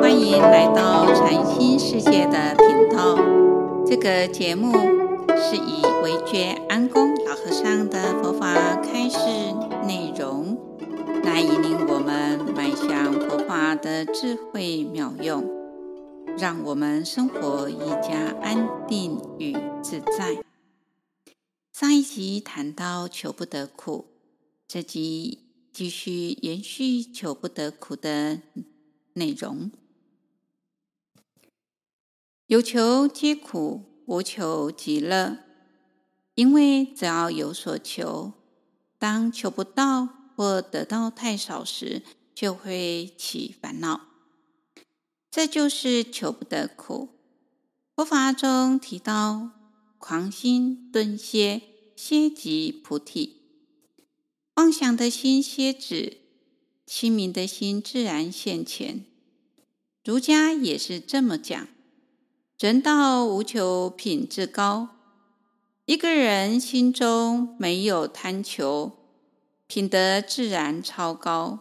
歡迎來到禪心世界的頻道。這個節目是以惟覺安公老和尚的佛法開示內容，來引領我們邁向佛法的智慧妙用，讓我們生活愈加安定與自在。上一集談到求不得苦，這集繼續延續求不得苦的內容。有求皆苦，無求即樂。因為只要有所求，當求不到或得到太少時，就會起煩惱。這就是求不得苦。佛法中提到，狂心頓歇，歇即菩提。妄想的心歇止，清明的心自然現前。儒家也是這麼講。人到無求品自高。一個人心中沒有貪求，品德自然超高。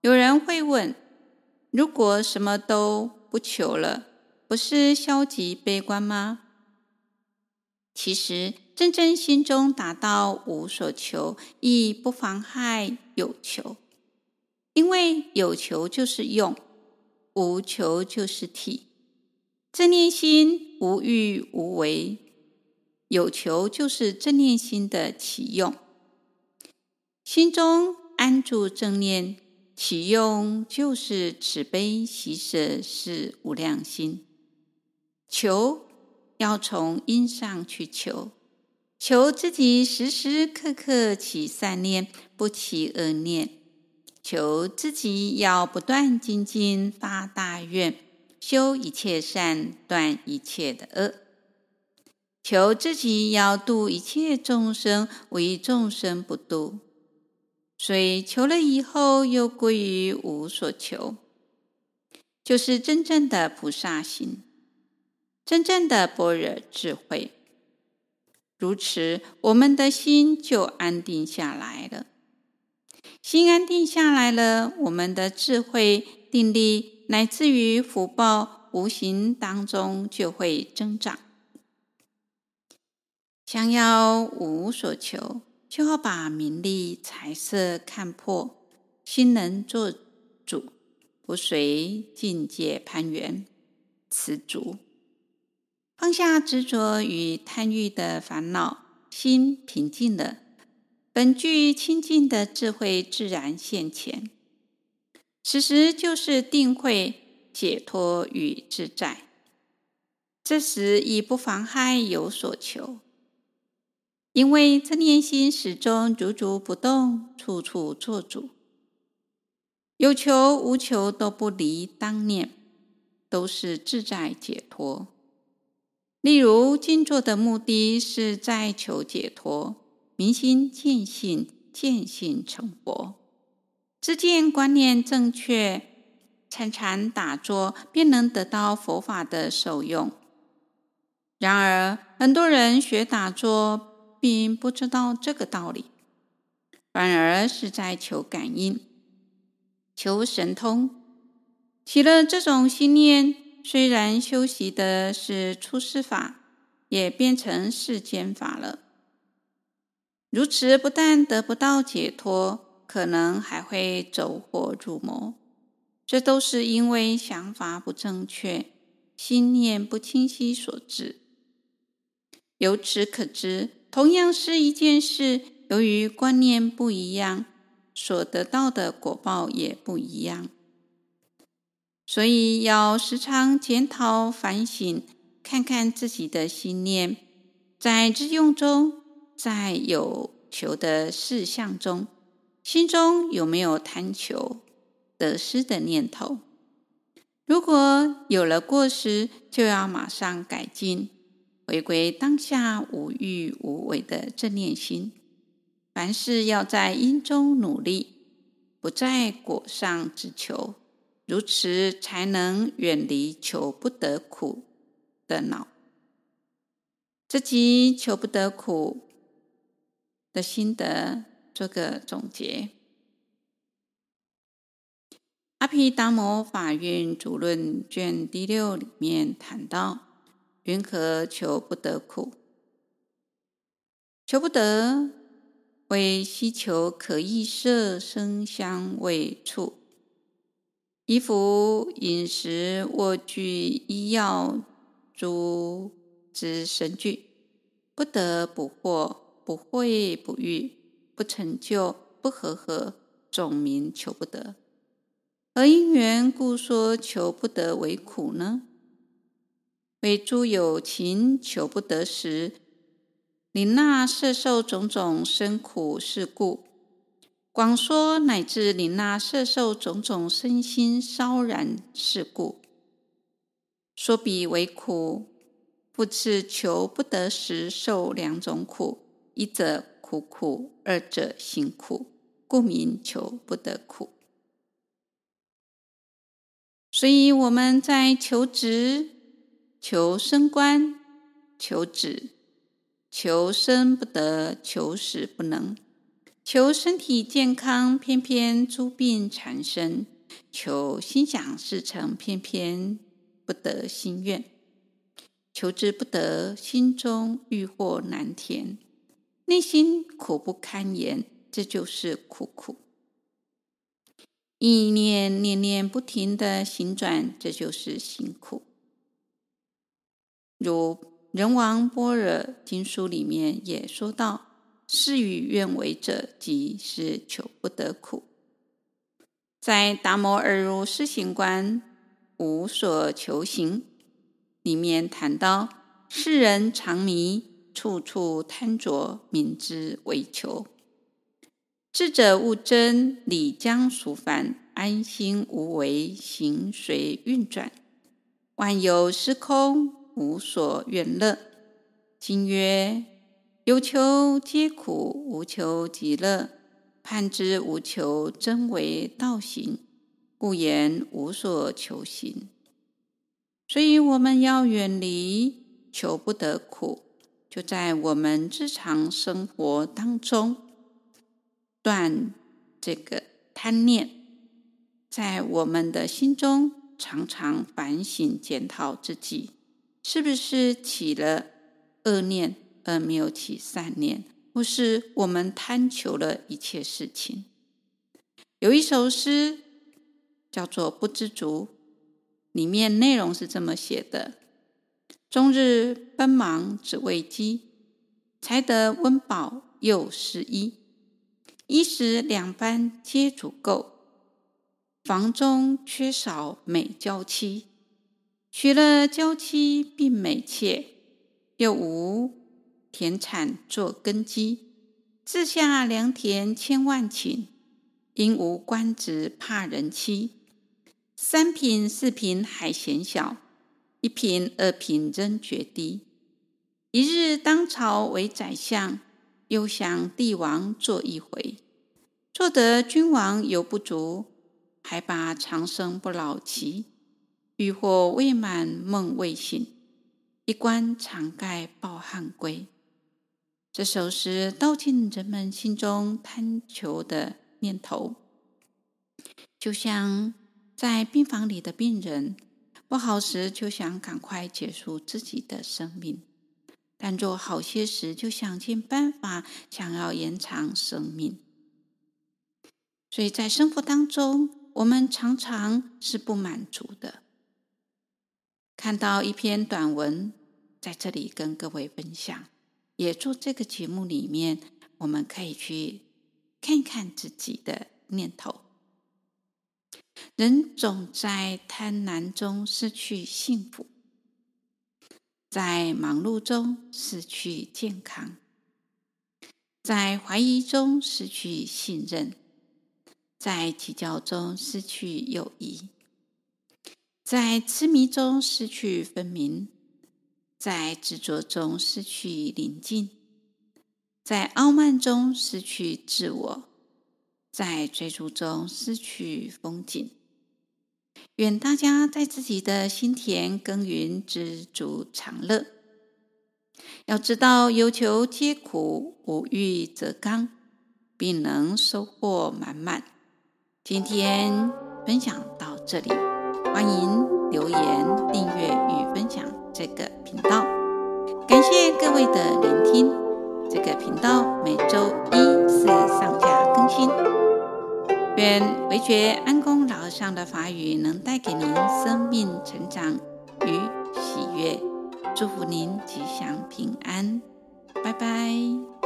有人會問，如果什麼都不求了，不是消極悲觀嗎？其實，真正心中達到無所求，亦不妨礙有求，因為有求就是用，無求就是體。這念心無欲無為，有求就是這念心的起用。心中安住正念，起用就是慈悲喜捨四無量心。求要從因上去求，求自己時時刻刻起善念，不起惡念；求自己要不斷精進發大願。修一切善，斷一切的惡，求自己要度一切眾生，無一眾生不度。所以求了以後，又歸於無所求，就是真正的菩薩心，真正的般若智慧。如此，我們的心就安定下來了。心安定下來了，我們的智慧定力。乃至於福報無形當中就會增長。想要無所求，就要把名利、財色看破，心能做主，不隨境界攀緣，馳逐，放下執着與貪欲的煩惱，心平靜了，本具清淨的智慧自然現前。此時就是定慧解脫與自在。這時亦不妨礙有所求，因為這念心始終如如不動，處處作主。有求無求都不離當念，都是自在解脫。例如，靜坐的目的是在求解脫，明心見性，見性成佛。知見觀念正確，參禪打坐便能得到佛法的受用。然而，很多人學打坐，並不知道這個道理，反而是在求感應、求神通。起了這種心念，雖然修習的是出世法，也變成世間法了。如此，不但得不到解脫。可能還會走火入魔，這都是因為想法不正確、心念不清晰所致。由此可知，同樣是一件事，由於觀念不一樣，所得到的果報也不一樣。所以要時常檢討反省，看看自己的心念，在日用中，在有求的事相中。心中有沒有貪求得失的念頭？如果有了過失，就要馬上改進，回歸當下無欲無為的這念心。凡事要在因中努力，不在果上執求，如此才能遠離求不得的苦惱。這集求不得苦的心得。做個總結，《阿毘達磨法蘊足論卷第六》裡面談到：“云何求不得苦？求不得，謂悕求可意色聲香味觸衣服飲食臥具醫藥諸資身具，不得不獲，不會不遇。”不成就，不和合，總名求不得，何因緣故說求不得為苦呢？謂諸有情求不得時，領納攝受種種身苦事故；廣說乃至領納攝受種種身心燒然事故，說彼為苦，復次求不得時受兩種苦。一者苦苦，二者行苦，故名求不得苦。所以我們在求職、求升官、求子、求生不得，求死不能；求身體健康，偏偏諸病纏身；求心想事成，偏偏不得心願；求之不得，心中欲壑難填。內心苦不堪言，這就是苦苦；意念念念不停的行轉，這就是行苦。如《仁王般若經疏》裡面也說到：“事與願違者，即是求不得苦。”在《達摩二入四行觀無所求行》裡面談到：“世人長迷。”處處貪著，名之為求；智者悟真，理將俗反，安心無為，形隨運轉。萬有斯空，無所願樂。經曰：有求皆苦，無求即樂。判知無求，真為道行。故言無所求行。所以我們要遠離求不得苦。就在我們日常生活當中斷這個貪念，在我們的心中常常反省檢討自己，是不是起了惡念而沒有起善念，或是我們貪求了一切事情？有一首詩叫做《不知足》，裡面內容是這麼寫的。終日奔忙只為飢，才得溫飽又思衣。衣食兩般皆足夠，房中缺少美嬌妻。娶了嬌妻並美妾，又無田產作根基。置下良田千萬頃，因無官職怕人欺。三品四品還嫌小，一品二品仍覺低，一日當朝為宰相，又想帝王做一回，做得君王猶不足，還把長生不老期。欲壑未滿夢未醒，一棺長蓋抱憾歸。這首詩道盡人們心中貪求的念頭，就像在病房裡的病人，不好時就想趕快結束自己的生命，但若好些時就想盡辦法想要延長生命。所以在生活當中，我們常常是不滿足的。看到一篇短文，在這裡跟各位分享，也做這個節目裡面，我們可以去看看自己的念頭。人總在貪婪中失去幸福，在忙碌中失去健康，在懷疑中失去信任，在計較中失去友誼，在痴迷中失去分明，在執着中失去寧靜，在傲慢中失去自我，在追逐中失去風景。願大家在自己的心田耕耘，知足常樂。要知道，有求皆苦，無欲則剛，必能收穫滿滿。今天分享到這裡，歡迎留言、訂閱與分享這個頻道。感謝各位的聆聽。這個頻道每周一次上架更新。願維覺安。雨能帶給您生命成長與喜悅，祝福您吉祥平安，拜拜。